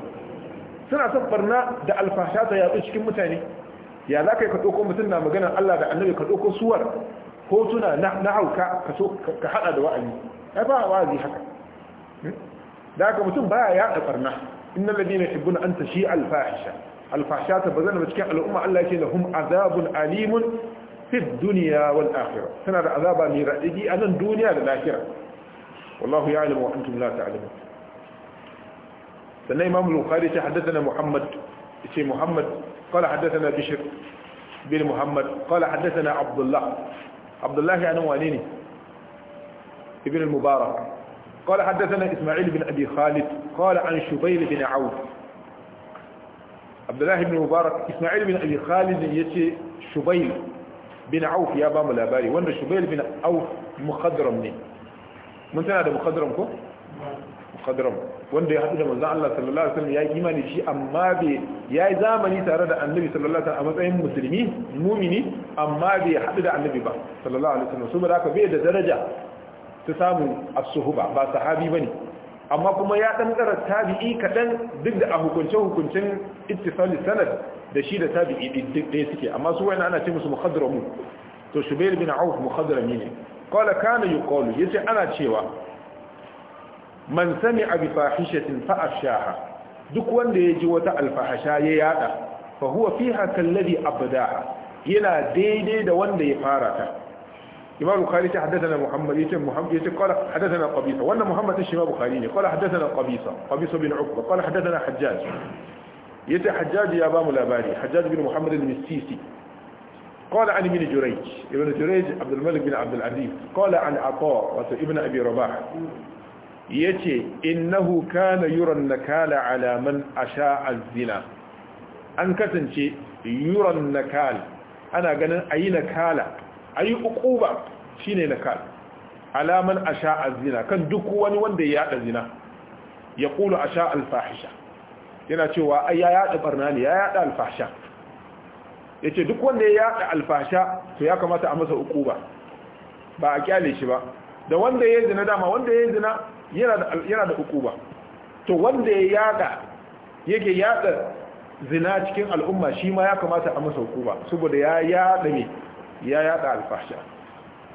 suna son barna da alfasha ta yatsu cikin mutane ya za ka yi ka ɗauko mutum na magana Allah da annabi ka ɗauko suwar hotuna na hauka ka haɗa da wa'azi Ai ba wa'azi haka hmm? da haka mutum baya ya yaɗa barna inna ladina yuhibbuna an tashi alfahisha الفحشات بذلنا بشكل الأمة الله يقول لهم عذاب أليم في الدنيا والآخرة سنة عذابا لرأيدي أن الدنيا والاخره والله يعلم وأنتم لا تعلمون سنة إمام البخاري حدثنا محمد اسم محمد قال حدثنا بشر بن محمد قال حدثنا عبد الله عبد الله يعني واليني ابن المبارك قال حدثنا إسماعيل بن أبي خالد قال عن شبيل بن عوف abdullahi bin mubarak isma'il bin abi khalid yace shubayl bin auf ya ba labari wanda shubayl bin auf mukhadram ne mun tana da mukhadram ko mukhadram wanda ya hadu da manzon Allah sallallahu alaihi wasallam ya yi imani shi amma bai yayi zamani tare da annabi sallallahu alaihi wasallam a matsayin musulmi mumini amma bai hadu da annabi ba sallallahu alaihi wasallam saboda haka bai da daraja ta samu as-suhba ba sahabi bane amma kuma ya dan tsara tabi'i kadan duk da a hukunce hukuncin ittisali sanad da shi da tabi'i duk ɗaya suke amma su wani ana ce musu muhadramu to shubair bin auf muhadrami ne qala kana yuqalu yace ana cewa man sami'a bi fahishatin fa duk wanda ya ji wata alfahasha ya yada fa huwa fiha kalladhi abdaha yana daidai da wanda ya fara ta imam bukhari ta haddathana muhammad yace muhammad yace qala haddathana qabisa wannan muhammad shi shima bukhari ne qala haddathana qabisa qabisa bin ukba qala haddathana hajjaj yace hajjaj ya ba mu labari hajjaj bin muhammad al-mistisi قال عن ابن جريج ابن جريج عبد الملك بن عبد العزيز قال عن عطاء ابن أبي رباح يتي إنه كان يرى النكال على من أشاء الزنا أن كتنشي يرى النكال أنا قلن أي نكالة a yi ukuba shi ne nakal alaman a sha'ar zina kan duk wani wanda ya yada zina ya kulu a sha'ar yana cewa ai ya yada barna ne ya yada alfahisha ya ce duk wanda ya yada alfahisha to ya kamata a masa ukuba ba a kyale shi ba da wanda ya zina dama wanda ya zina yana da ukuba to wanda ya yada yake yada zina cikin al'umma shi ma ya kamata a masa hukuma saboda ya yada ne ya yada alfahsha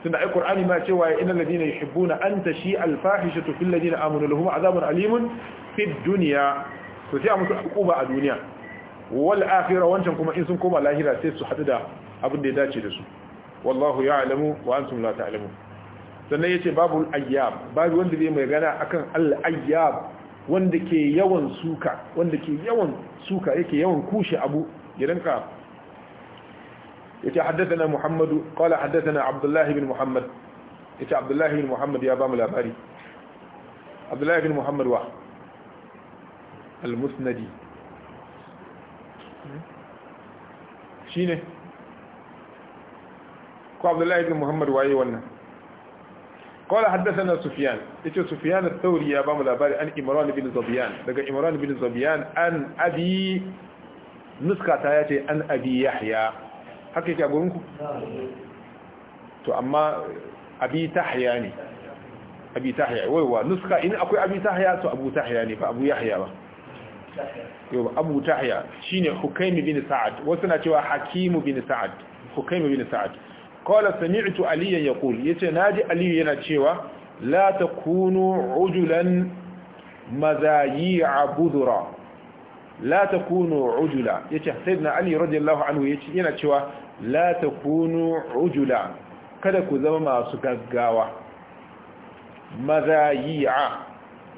tunda ai qur'ani ma cewa innal ladina yuhibbuna an tashi alfahishatu fil ladina amanu lahum azabun alimun fid dunya to sai a musu hukuma a duniya wal akhirah wancan kuma in sun koma lahira sai su hadu da abin da ya dace da su wallahu ya'lamu wa antum la ta'lamun sannan yace babul ayyab babu wanda zai mai gana akan al ayyab wanda ke yawan suka wanda ke yawan suka yake yawan kushe abu ya rinka يتحدثنا محمد قال حدثنا عبد الله بن محمد إتي عبد الله بن محمد يا بام الأباري عبد الله بن محمد واحد المسندي شيني قال عبد الله بن محمد وعي ونا قال حدثنا سفيان إتي سفيان الثوري يا بام الأباري عن إمران بن زبيان لقى إمران بن زبيان أن أبي نسخة تاياتي أن أبي يحيى haka a gurinku to amma abi tahya ne abi tahya waiwa nuska in akwai abi tahya to abu tahya ne ba abu yahya ba yau abu tahya shine hukaim bin sa'ad wasu na cewa hakim bin sa'ad hukaim bin sa'ad qala sami'tu aliyan yaqul yace naji aliyu yana cewa la takunu ujulan a budura la takunu ujula sai na ali radiyallahu anhu ce yana cewa la kunu ujula kada ku zama masu gaggawa mazayi'a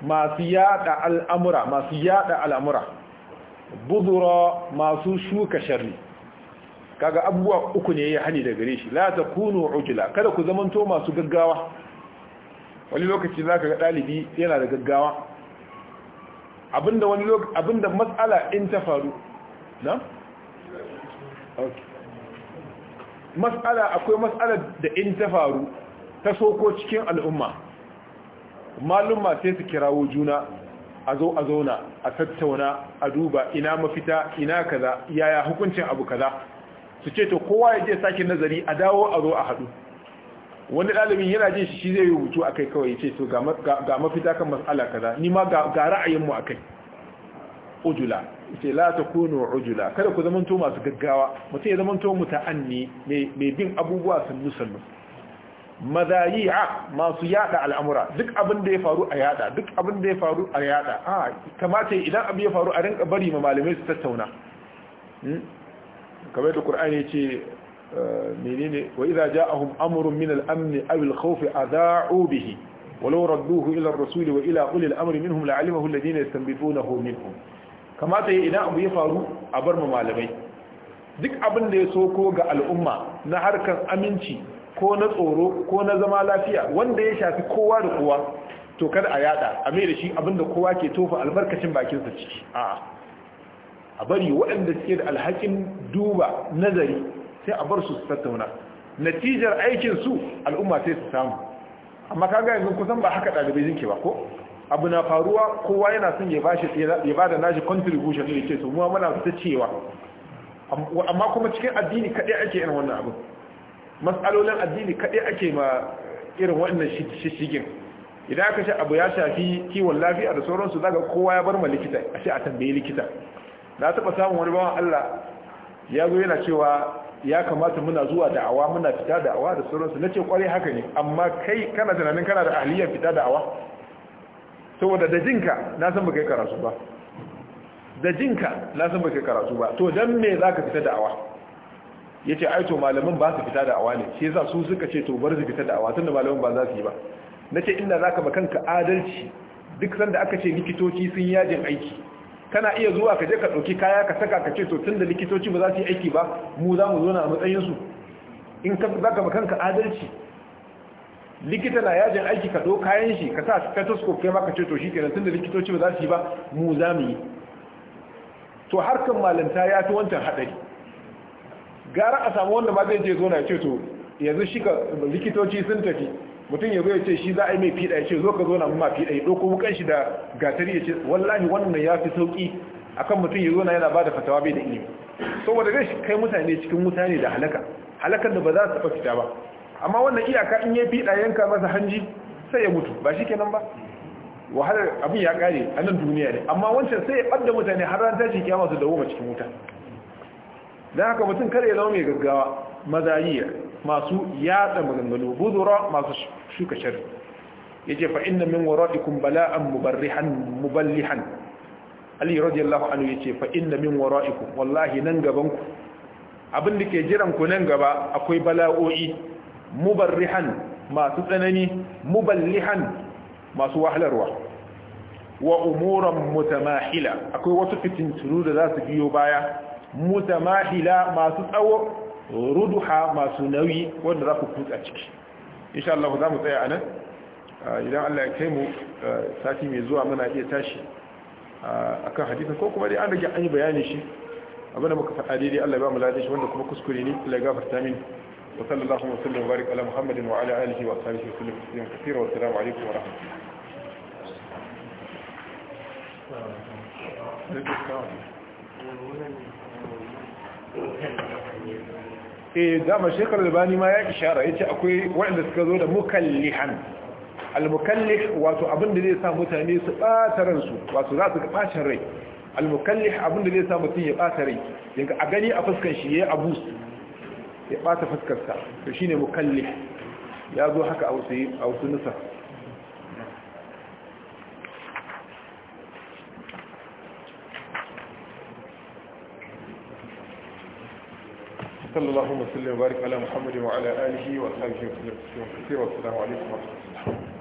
masu yada al'amura masu yada al'amura buzura masu shuka sharri kaga abubuwa uku ne ya hani da gare shi la takunu ujula kada ku zamanto masu gaggawa wani lokaci za ka ga ɗalibi yana da gaggawa abinda wani lokaci abinda matsala in ta faru na? matsala akwai matsala da in ta faru ta soko cikin al'umma malumma sai su kirawo juna a zo a zauna a tattauna a duba ina mafita ina kaza yaya hukuncin abu kaza su ce to kowa ya je sake nazari a dawo a zo a haɗu wani ɗalibin yana jin shi zai yi rubutu a kai kawai ce to ga mafita kan matsala kaza ni ma ga mu a kai ujula ce la ta kuno ujula kada ku zamanto masu gaggawa mutum ya zamanto muta'anni mai bin abubuwa sannu sannu mazayi'a masu yada al'amura duk abin da ya faru a yada duk abin da ya faru a yada a kamata idan abu ya faru a rinka bari ma malamai su tattauna hmm? kamar da qur'ani ya ce menene wa idza ja'ahum amrun min al-amn aw al-khawf adha'u bihi ولو ردوه إلى الرسول وإلى أولي الأمر منهم لعلمه الذين يستنبطونه منهم كما تي إنا أبو يفارو أبر ممالمي duk abin da ya soko ga al'umma na harkar aminci ko na tsoro ko na zama lafiya wanda ya shafi kowa da kowa to kada a yada a mai da shi abin da kowa ke tofa albarkacin bakinsa ciki A'a a bari waɗanda suke da alhakin duba nazari sai a bar su su tattauna natijar aikin su al'umma sai su samu amma ka ga yanzu kusan ba haka ɗalibai jinki ba ko abu na faruwa kowa yana son ya bashi ya bada nashi contribution ne yake so mu muna ta cewa amma kuma cikin addini kadai ake irin wannan abu mas'alolin addini kadai ake ma irin wannan shishigin idan aka ce abu ya shafi kiwon lafiya da sauransu zaga kowa ya bar ma likita a a tambayi likita na taɓa samun wani bawan Allah ya zo yana cewa ya kamata muna zuwa da'awa muna fita da'awa da sauransu na ce kwarai haka ne amma kai kana tunanin kana da ahliyar fita da'awa saboda da jinka na san baka yi karatu ba da jinka na san baka yi karatu ba to dan me za ka fita da'awa ya ai to malamin ba su fita da'awa ne shi yasa su suka ce to bar su fita da'awa tunda malamin ba za su yi ba ce inda zaka ba kanka adalci duk sanda aka ce likitoci sun yajin aiki kana iya zuwa ka je ka ɗauki kaya ka saka ka ce to tun da likitoci ba za su yi aiki ba mu za mu zo na a matsayinsu in ka za ka makanka adalci likita na yajin aiki ka ɗau kayan shi ka sa stethoscope kai maka ka ce to shi kenan tun da likitoci ba za su yi ba mu za mu yi to harkan malanta ya fi wancan haɗari gara a samu wanda ma zai je zo na ce to yanzu shi ka likitoci sun tafi mutum ya zo ya ce shi za a yi mai fiɗa ya ce zo ka zo na ma fiɗa ya ɗoko wukan shi da gatari ya ce wallahi wannan ya fi sauƙi akan mutum ya zo na yana ba da fatawa bai da ilimi saboda zai kai mutane cikin mutane da halaka halakan da ba za su taɓa fita ba amma wannan iyaka in ya fiɗa yanka masa hanji sai ya mutu ba shi kenan ba wahalar abin ya kare a nan duniya ne amma wancan sai ya ɓadda mutane har ran tashi kiyama su goma cikin wuta don haka mutum kare ya zama mai gaggawa mazayiya masu yada maganganu budura masu shuka shari ya ce fa inna min wara'ikum bala'an mubarrihan muballihan ali radiyallahu anhu ya ce fa inna min wara'ikum wallahi nan gabanku. abin da ke jiran ku nan gaba akwai bala'o'i mubarrihan masu tsanani muballihan masu wahalarwa wa umuran mutamahila akwai wasu fitintunu da za su biyo baya mutamahila masu tsawo ruduha masu nauyi wanda za ku kutsa ciki insha Allah za mu tsaya a nan idan Allah ya kai mu sati mai zuwa muna iya tashi akan hadisin ko kuma dai an rage an yi bayani shi abinda muka faɗa daidai Allah ya ba mu ladan shi wanda kuma kuskure ne Allah ya gafarta mini wa sallallahu alaihi wa sallam barik ala muhammadin wa ala alihi wa sahbihi wa sallam taslima kathira wa assalamu alaikum wa rahmatullahi Thank you. eh dama shekar albani ma ya ishara ya ce akwai waɗanda suka zo da mukallihan almukallih wato abin da zai sa mutane su ɓata ransu wato za su ɓacin rai almukallih abin da zai sa mutum ya ɓata rai yanka a gani a fuskan shi ya abu ya ɓata fuskarsa to shi ne mukallih ya zo haka a wasu nusa صلى الله وسلم وبارك على محمد وعلى آله وأصحابه وسلم كثيرا والسلام عليكم ورحمة الله